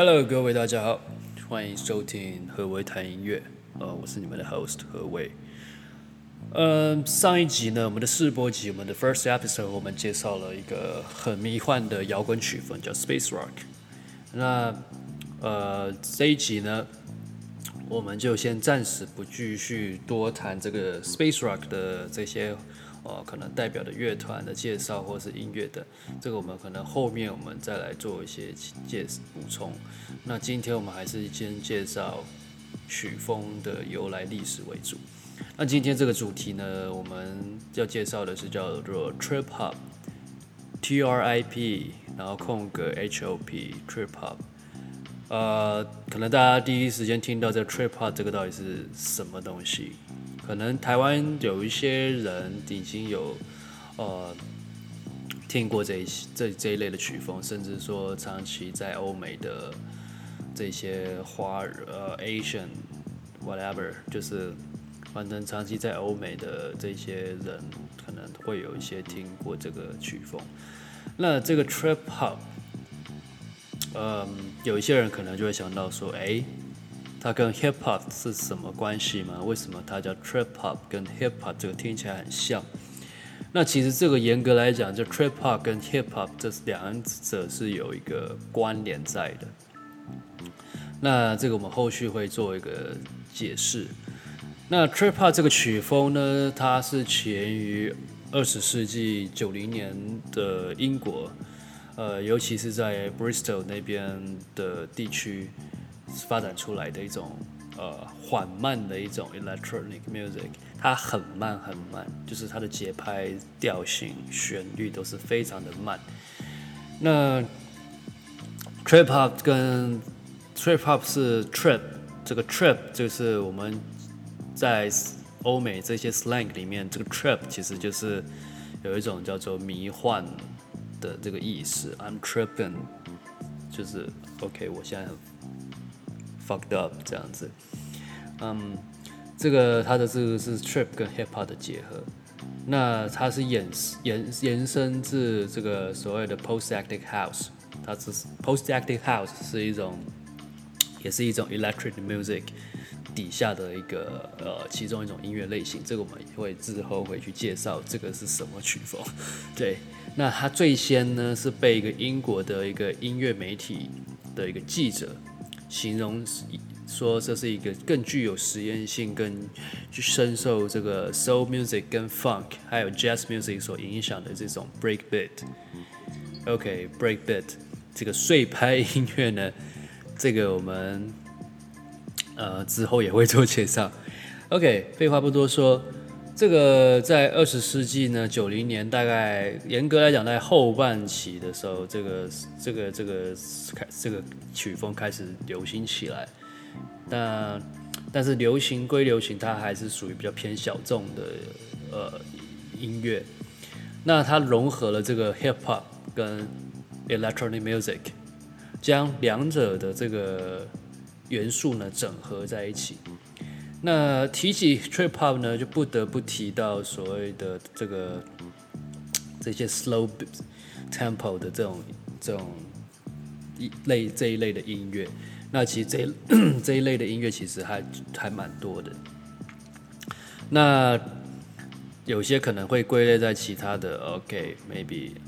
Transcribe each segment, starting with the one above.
Hello，各位大家好，歡迎收聽何為談音樂，呃，我是你們的 host 何為。呃，上一集呢，我們的試播集，我們的 first episode，我們介紹了一個很迷幻的搖滾曲風，叫 space rock。那呃，這一集呢，我們就先暫時不繼續多談這個 space rock 的這些。呃，可能代表的樂團的介紹，或是音樂的，這個我們可能後面我們再來做一些介紹補充。那今天我們還是先介紹曲風的由來歷史為主。那今天這個主題呢，我們要介紹的是叫做 trip hop，T-R-I-P，然後空格 H-O-P，trip hop。呃，可能大家第一時間聽到這 trip hop 這個到底是什麼東西？可能台灣有一些人已經有，呃，聽過這一些這這一類的曲風，甚至說長期在歐美的這些華人呃 Asian whatever，就是反正長期在歐美的這些人可能會有一些聽過這個曲風。那這個 Trip Hop、呃、嗯，有一些人可能就會想到說，誒、欸。它跟 Hip Hop 是什麼關係嗎？為什麼它叫 Trip Hop？跟 Hip Hop 這個聽起來很像。那其實這個嚴格來講，就 Trip Hop 跟 Hip Hop，這兩者是有一個關聯在的。那這個我們後續會做一個解釋。那 Trip Hop 這個曲風呢，它是起源於二十世紀九零年的英國，呃，尤其是在 Bristol 那邊的地區。發展出來的一種，呃，緩慢的一種 electronic music，它很慢很慢，就是它的節拍、調性、旋律都是非常的慢。那 trip hop 跟 trip hop 是 trip，這個 trip 就是我們在歐美這些 slang 裡面，這個 trip 其實就是有一種叫做迷幻的這個意思。I'm tripping，就是 OK，我現在很 Fucked up 這樣子，嗯、um，這個它的這個是，是 trip 跟 hip hop 的結合，那它是延延延伸至這個所謂的 post-actic house，它只，就是 post-actic house 是一種，也是一種 electric music 底下的一個呃其中一種音樂類型，這個我們會之後會去介紹這個是什麼曲風，對，那它最先呢是被一個英國的一個音樂媒體的一個記者。形容說這是一個更具有實驗性，更去深受這個 soul music、跟 funk、還有 jazz music 所影響的這種 break beat。OK，break beat 這個碎拍音樂呢，這個我們呃之後也會做介紹。OK，廢話不多說。這個在二十世紀呢，九零年大概嚴格來講，在後半期的時候，這個這個這個開這個曲風開始流行起來。那但，但是流行歸流行，它還是屬於比較偏小眾的呃音樂。那它融合了這個 Hip Hop 跟 Electronic Music，將兩者的這個元素呢整合在一起。那提起 trip hop 呢，就不得不提到所謂的這個這些 slow tempo 的這種這種一類這一類的音樂。那其實這一這一類的音樂其實還還蠻多的。那有些可能會歸類在其他的，OK，maybe。Okay, maybe.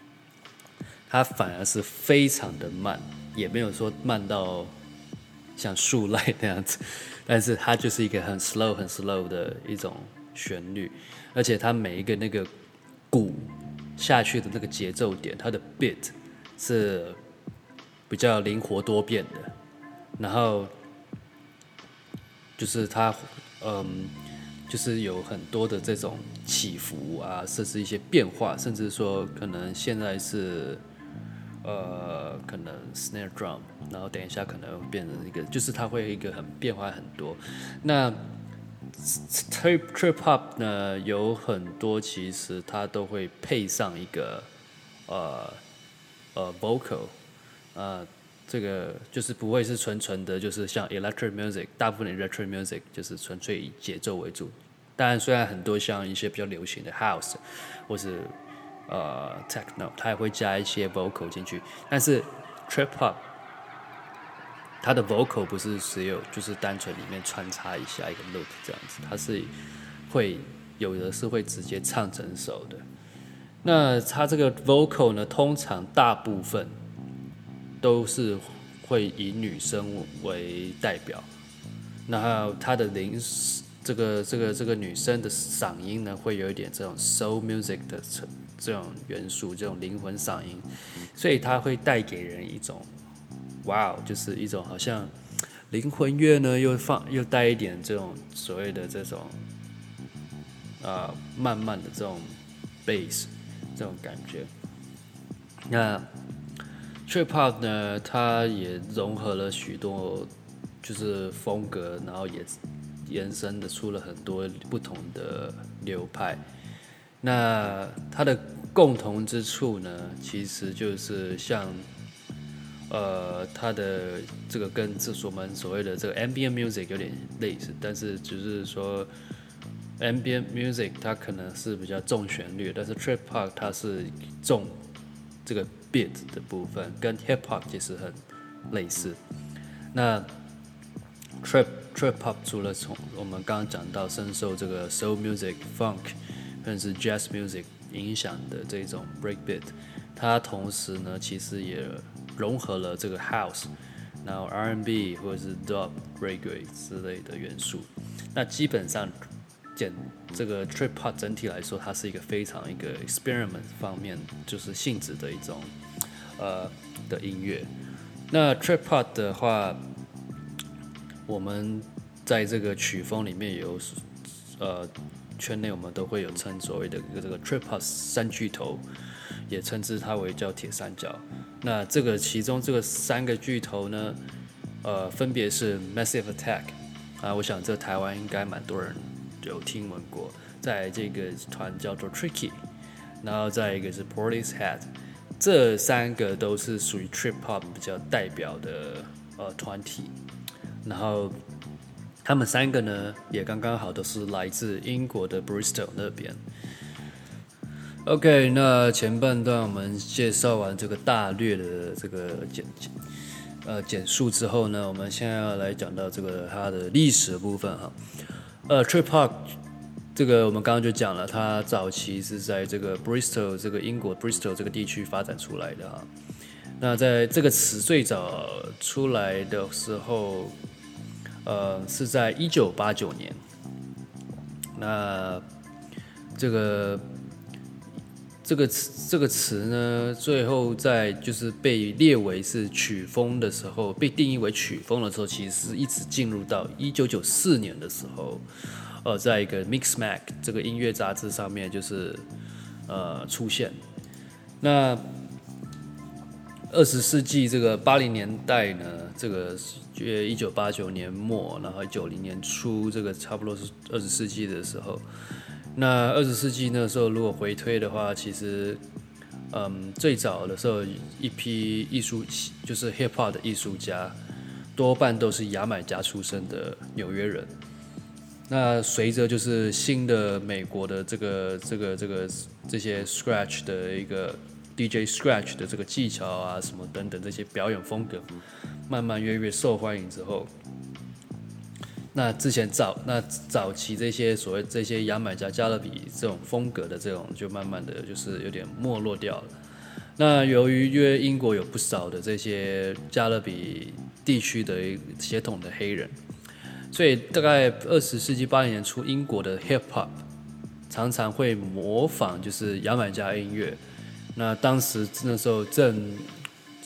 它反而是非常的慢，也沒有說慢到像樹懶那樣子，但是它就是一個很 slow、很 slow 的一種旋律，而且它每一個那個鼓下去的那個節奏點，它的 beat 是比較靈活多變的，然後就是它，嗯，就是有很多的這種起伏啊，甚至一些變化，甚至說可能現在是。呃，可能 snare drum，然後等一下可能會變成一個，就是它會一個很變化很多。那 trip trip hop 呢，有很多其實它都會配上一個呃呃 vocal，呃，這個就是不會是純純的，就是像 electric music，大部分 electric music 就是純粹以節奏為主。當然，雖然很多像一些比較流行的 house 或是。呃、uh，techno，它也會加一些 vocal 進去，但是 trip hop，它的 vocal 不是只有就是單純裡面穿插一下一個 note 這樣子，它是會有的是會直接唱整首的。那它這個 vocal 呢，通常大部分都是會以女生為代表，然後它的音，這個這個這個女生的嗓音呢，會有一點這種 soul music 的層。這種元素，這種靈魂嗓音，所以它會帶給人一種“哇、wow, ”，就是一種好像靈魂樂呢，又放又帶一點這種所謂的這種、呃，慢慢的這種 bass 這種感覺。那 Trip Hop 呢，它也融合了許多就是風格，然後也延伸的出了很多不同的流派。那它的共同之處呢，其實就是像，呃，它的這個跟這我們所謂的這個 ambient music 有點類似，但是就是說 ambient music 它可能是比較重旋律，但是 Trip Hop 它是重這個 beat 的部分，跟 Hip Hop 其實很類似。那 Trip Trip Hop 除了從我們剛剛講到深受這個 Soul Music Funk。但是 Jazz music 影響的這種 breakbeat，它同時呢其實也融合了這個 House，然後 R&B 或者是 Dub Reggae 之類的元素。那基本上，簡這個 Trip Hop 整體來說，它是一個非常一個 experiment 方面就是性質的一種呃的音樂。那 Trip Hop 的話，我們在這個曲風裡面有呃。圈內我們都會有稱所謂的一個這個 trip hop 三巨頭，也稱之它為叫鐵三角。那這個其中這個三個巨頭呢，呃，分別是 Massive Attack 啊、呃，我想這台灣應該蠻多人有聽聞過。在這個團叫做 Tricky，然後再一個是 Portishead，這三個都是屬於 trip hop 比較代表的呃團體，然後。他們三個呢，也剛剛好都是來自英國的 Bristol 那邊。OK，那前半段我們介紹完這個大略的這個簡簡呃簡述之後呢，我們現在要來講到這個它的歷史的部分哈。呃，Trip Hop 這個我們剛剛就講了，它早期是在這個 Bristol 這個英國 Bristol 這個地區發展出來的哈。那在這個詞最早出來的時候，呃，是在一九八九年。那、呃、這個這個詞，這個詞呢，最後在就是被列為是曲風的時候，被定義為曲風的時候，其實一直進入到一九九四年的時候，呃，在一個 Mixmag 這個音樂雜誌上面就是呃出現。那二十世紀這個八零年代呢，這個約一九八九年末，然後一九九零年初，這個差不多是二十世紀的時候。那二十世紀那時候，如果回推的話，其實，嗯，最早的時候，一批藝術就是 hip hop 的藝術家，多半都是牙買加出生的紐約人。那隨着就是新的美國的這個這個這個這些 scratch 的一個。DJ Scratch 的這個技巧啊，什麼等等這些表演風格，慢慢越來越受歡迎之後，那之前早那早期這些所謂這些牙買加加勒比這種風格的這種，就慢慢的就是有點沒落掉了。那由於因為英國有不少的這些加勒比地區的血統的黑人，所以大概二十世紀八零年初，英國的 hip hop 常常會模仿就是牙買加音樂。那當時那時候正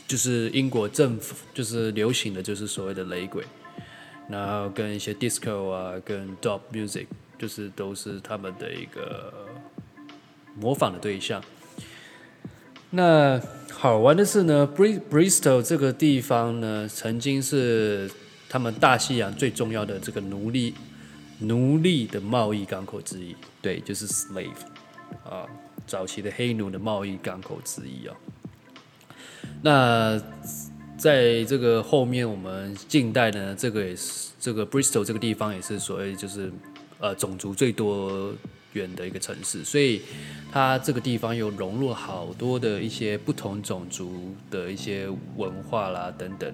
就是英國政府就是流行的就是所謂的雷鬼，然後跟一些 disco 啊，跟 dub music，就是都是他們的一個模仿的對象。那好玩的是呢，Bristol 這個地方呢，曾經是他們大西洋最重要的這個奴隸奴隸的貿易港口之一，對，就是 slave 啊。早期的黑奴的貿易港口之一啊，哦，那在這個後面，我們近代呢，這個也是這個 Bristol 這個地方也是所謂就是呃種族最多元的一個城市，所以它這個地方又融入好多的一些不同種族的一些文化啦等等，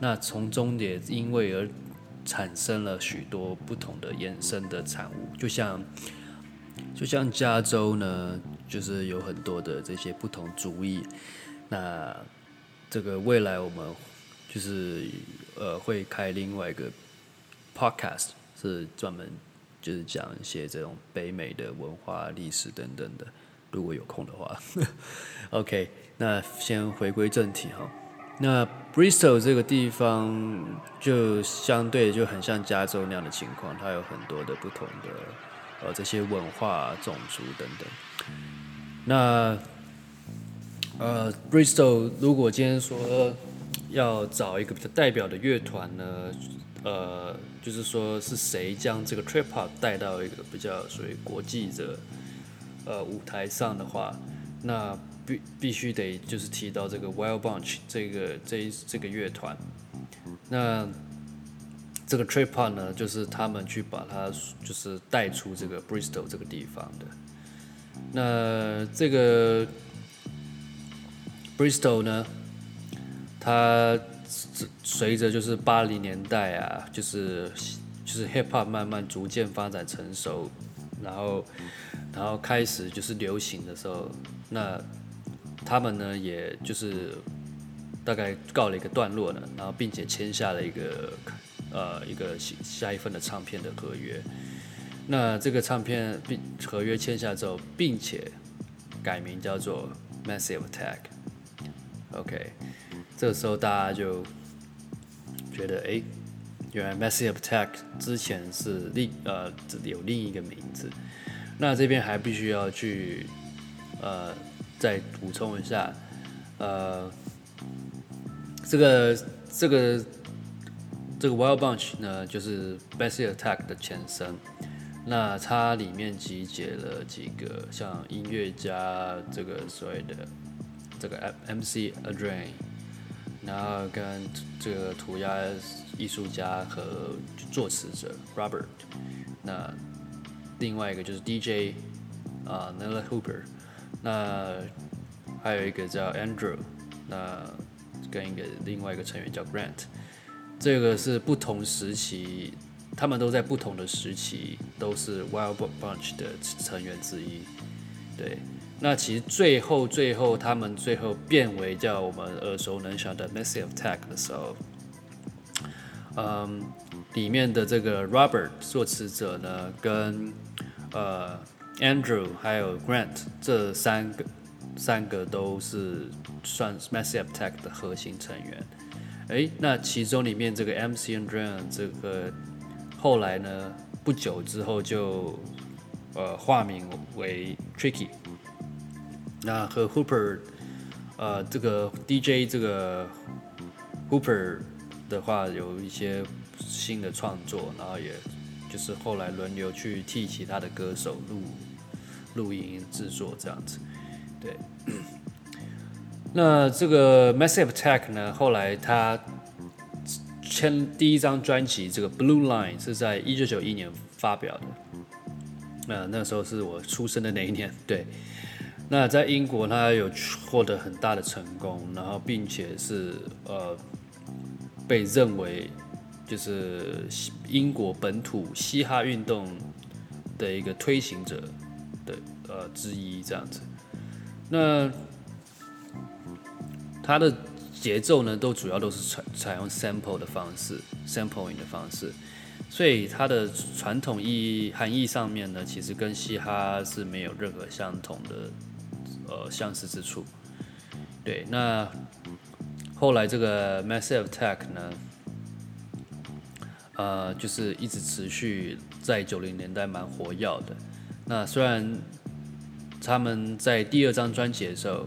那從中也因為而產生了許多不同的衍生的產物，就像。就像加州呢，就是有很多的這些不同主義。那這個未來我們就是呃會開另外一個 podcast，是專門就是講一些這種北美的文化、歷史等等的。如果有空的話 ，OK，那先回歸正題哈。那 Bristol 這個地方就相對就很像加州那樣的情況，它有很多的不同的。呃，這些文化、種族等等。那呃，Bristol，如果今天說要找一個比較代表的樂團呢？呃，就是說是誰將這個 trip hop 帶到一個比較屬於國際的呃舞台上的話，那必必須得就是提到這個 Wild Bunch 這個這這個樂團。那這個 trip hop 呢，就是他們去把它就是帶出這個 Bristol 這個地方的。那這個 Bristol 呢，它隨着就是八零年代啊，就是就是 hip hop 慢慢逐漸發展成熟，然後然後開始就是流行的時候，那他們呢，也就是大概告了一個段落了，然後並且簽下了一個。呃，一個下下一份的唱片的合約，那這個唱片並合約簽下之後，並且改名叫做 Massive Attack。OK，這個時候大家就覺得，哎，原來 Massive Attack 之前是另呃，有另一個名字。那這邊還必須要去呃再補充一下，呃，這個這個。這個 Wild Bunch 呢，就是 Massive Attack 的前身。那它裡面集結了幾個像音樂家這，這個所謂的這個 MC Adrian，然後跟這個塗鴉藝術家和作詞者 Robert。那另外一個就是 DJ 啊 Nella Hooper。那還有一個叫 Andrew。那跟一個另外一個成員叫 Grant。這個是不同時期，他們都在不同的時期都是 Wild Bunch 的成員之一。對，那其實最後最後他們最後變為叫我們耳熟能詳的 Massive Attack 的時候，嗯，裡面的這個 Robert 作詞者呢，跟呃 Andrew 還有 Grant 這三個三個都是算 Massive Attack 的核心成員。哎，那其中裡面這個 MC Adrian 這個，後來呢，不久之後就，呃，化名為 Tricky。那、嗯啊、和 Hooper，呃，這個 DJ 這個 Hooper 的話有一些新的創作，然後也就是後來輪流去替其他的歌手錄錄音、製作這樣子，對。那這個 Massive Attack 呢，後來他簽第一張專輯《這個 Blue Line》是在一九九一年發表的。那那時候是我出生的那一年，對。那在英國，他有獲得很大的成功，然後並且是呃，被認為就是英國本土嘻哈運動的一個推行者，對，呃之一這樣子。那它的節奏呢，都主要都是採採用 sample 的方式，sampling 的方式，所以它的傳統意義含義上面呢，其實跟嘻哈是沒有任何相同的呃相似之處。對，那後來這個 Massive Attack 呢，呃，就是一直持續在九零年代蠻活躍的。那雖然他們在第二張專輯的時候，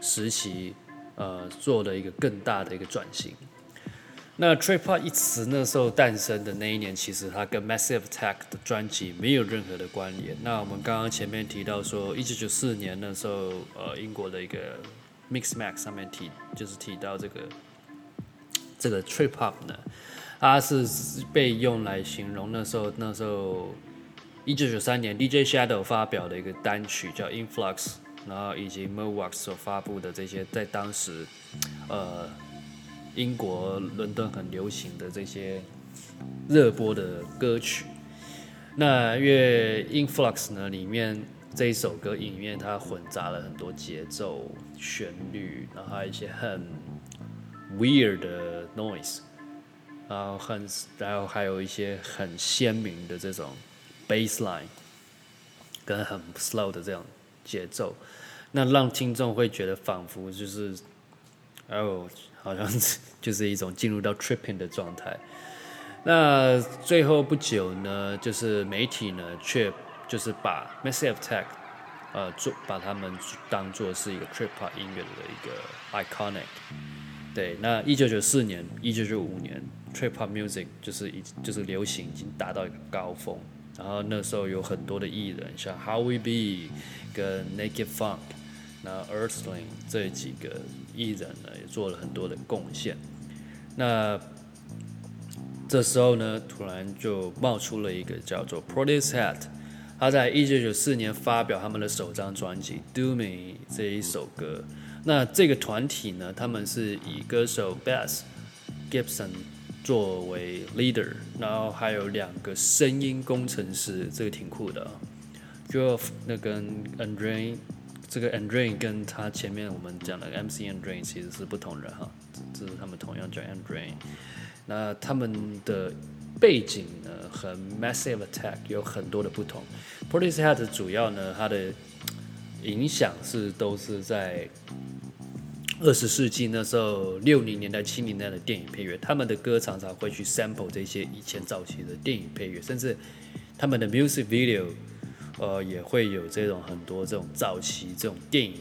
時期呃，做了一個更大的一個轉型。那 Trip Hop 一詞那時候誕生的那一年，其實它跟 Massive Attack 的專輯沒有任何的關聯。那我們剛剛前面提到說，一九九四年那時候，呃，英國的一個 Mixmag 上面提，就是提到這個這個 Trip Hop 呢，它是被用來形容那時候那時候一九九三年 DJ Shadow 發表的一個單曲叫 Influx。然後以及 Mo' Wax 所發布的這些在當時，呃，英國倫敦很流行的這些熱播的歌曲。那因為 Influx 呢，裡面這一首歌裡面它混雜了很多節奏、旋律，然後還有一些很 weird 的 noise，然後很然後還有一些很鮮明的這種 bass line，跟很 slow 的這種節奏。那讓聽眾會覺得仿佛就是，哦，好像就是一種進入到 tripping 的狀態。那最後不久呢，就是媒體呢，卻就是把 Massive Attack 呃，做把他們當做是一個 trip hop 音樂的一個 iconic。對，那一九九四年、一九九五年，trip hop music 就是已就是流行已經達到一個高峰。然後那時候有很多的藝人，像 How We Be 跟 Naked Funk。那 Earthling 這幾個藝人呢，也做了很多的貢獻。那這時候呢，突然就冒出了一個叫做 Portishead，他在1994年發表他們的首張專輯《Dummy》這一首歌。那這個團體呢，他們是以歌手 Beth Gibbons 作為 leader，然後還有兩個聲音工程師，這個挺酷的。Geoff 那跟 Adrian。這個 Andrain 跟他前面我們講的 MC Andrain 其實是不同的哈，這是他們同樣叫 Andrain。那他們的背景呢，和 Massive Attack 有很多的不同。Portishead 主要呢，它的影響是都是在二十世紀那時候六零年代、七零年代的電影配樂，他們的歌常常會去 sample 這些以前早期的電影配樂，甚至他們的 music video。呃，也會有這種很多這種早期這種電影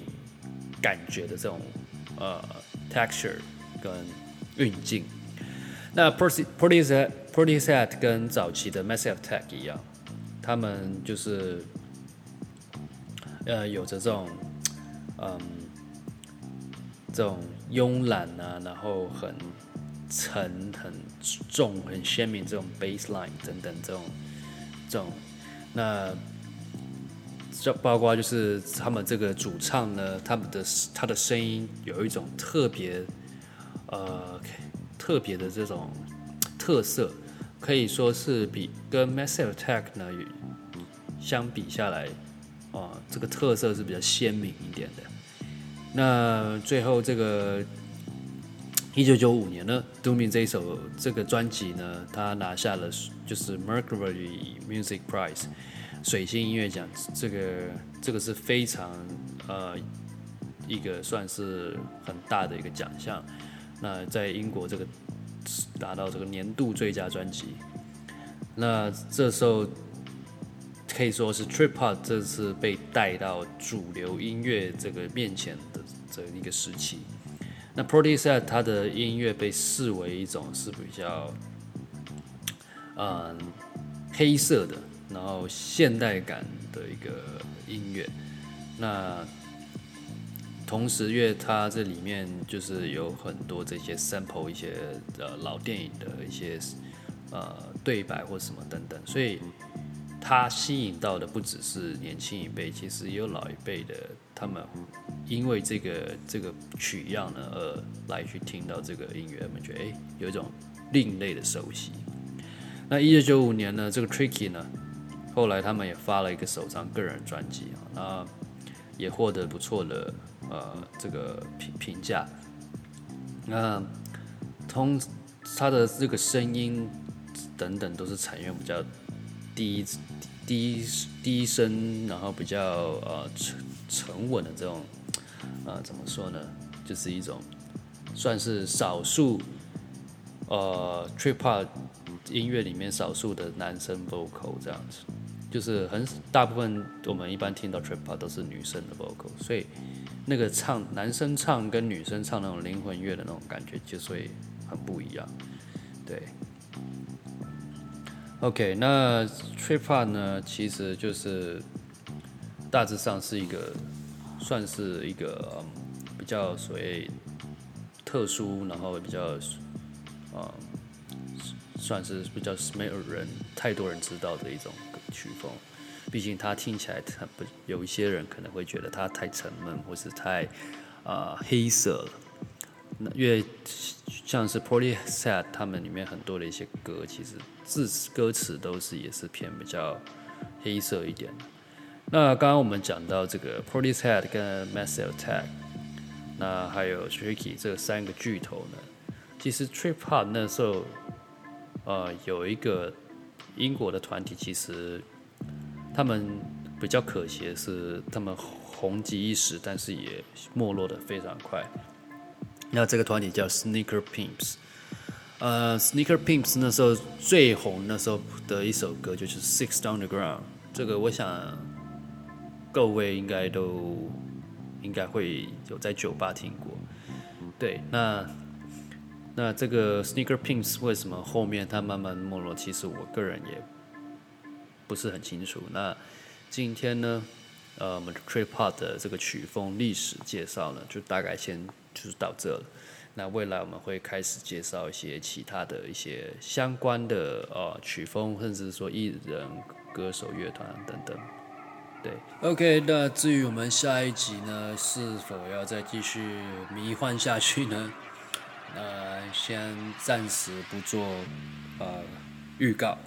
感覺的這種呃 texture 跟運鏡。那 Portishead Portishead Portishead 跟早期的 Massive Attack 一樣，他們就是呃有着這種嗯這種慵懶啊，然後很沉、很重、很鮮明這種 baseline 等等這種這種那。這包括就是他們這個主唱呢，他們的他的聲音有一種特別呃特別的這種特色，可以說是比跟 Massive Attack 呢相比下來，呃，這個特色是比較鮮明一點的。那最後這個一九九五年呢，Dummy 這一首這個專輯呢，他拿下了就是 Mercury Music Prize。水星音樂獎，這個這個是非常呃一個算是很大的一個獎項。那在英國這個達到這個年度最佳專輯，那這時候可以說是 Trip Hop 這次被帶到主流音樂這個面前的這一個時期。那 Portishead 他的音樂被視為一種是比較嗯、呃、黑色的。然後現代感的一個音樂，那同時樂它這裡面就是有很多這些 sample 一些呃老電影的一些呃對白或什麼等等，所以它吸引到的不只是年輕一輩，其實也有老一輩的，他們因為這個這個取樣呢，而來去聽到這個音樂，他們覺得哎，有一種另類的熟悉。那一九九五年呢，這個 Tricky 呢。後來他們也發了一個首張個人專輯啊，那也獲得不錯的呃這個評評價。那、呃、通他的這個聲音等等都是採用比較低低低聲，然後比較呃沉沉穩的這種，呃怎麼說呢？就是一種算是少數呃 Trip Hop 音樂裡面少數的男生 vocal 這樣子。就是很大部分，我們一般聽到 Trip Hop 都是女生的 vocal，所以那個唱男生唱跟女生唱那種靈魂樂的那種感覺就是會很不一樣。對，OK，那 Trip Hop 呢，其實就是大致上是一個算是一個比較所謂特殊，然後比較算是比較沒有人太多人知道的一種。曲風，畢竟它聽起來，很不有一些人可能會覺得它太沉悶，或是太，啊、呃，黑色了。那因為像是 Portishead 他們裡面很多的一些歌，其實字歌詞都是也是偏比較黑色一點。那剛剛我們講到這個 Portishead 跟 Massive Attack，那還有 Tricky 這三個巨頭呢，其實 Trip Hop 那時候，呃，有一個。英國的團體其實，他們比較可惜的是他們紅極一時，但是也沒落得非常快。那這個團體叫 Sneaker Pimps，呃、uh，Sneaker Pimps 那時候最紅那時候的一首歌就是6 Underground，這個我想各位應該都應該會有在酒吧聽過，對，那。那這個 Sneaker Pimps 為什麼後面它慢慢沒落？其實我個人也不是很清楚。那今天呢，呃，我們的 Trip Hop 的這個曲風歷史介紹呢，就大概先就是到這了。那未來我們會開始介紹一些其他的一些相關的呃曲風，甚至說藝人、歌手、樂團等等。對，OK。那至於我們下一集呢，是否要再繼續迷幻下去呢？那、呃、先暫時不做呃預告，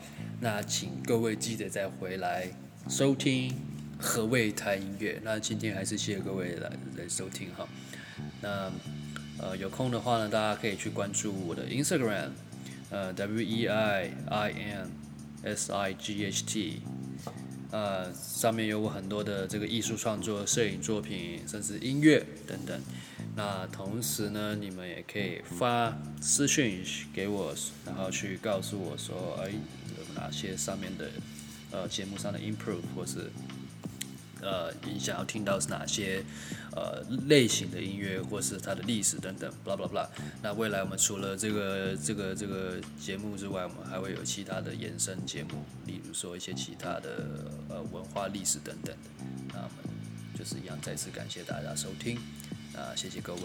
那請各位記得再回來收聽何為談音樂。那今天還是謝謝各位來來收聽哈。那呃有空的話呢，大家可以去關注我的 Instagram，呃 W E I I N S I G H T，呃上面有我很多的這個藝術創作、攝影作品，甚至音樂等等。那同時呢，你們也可以發私訊給我，然後去告訴我說，哎、呃，有哪些上面的呃節目上的 improve，或是呃你想要聽到是哪些呃類型的音樂，或是它的歷史等等，blah blah blah。那未來我們除了這個這個這個節目之外，我們還會有其他的延伸節目，例如說一些其他的呃文化歷史等等。那我們就是一樣，再次感謝大家收聽。啊、呃，謝謝各位。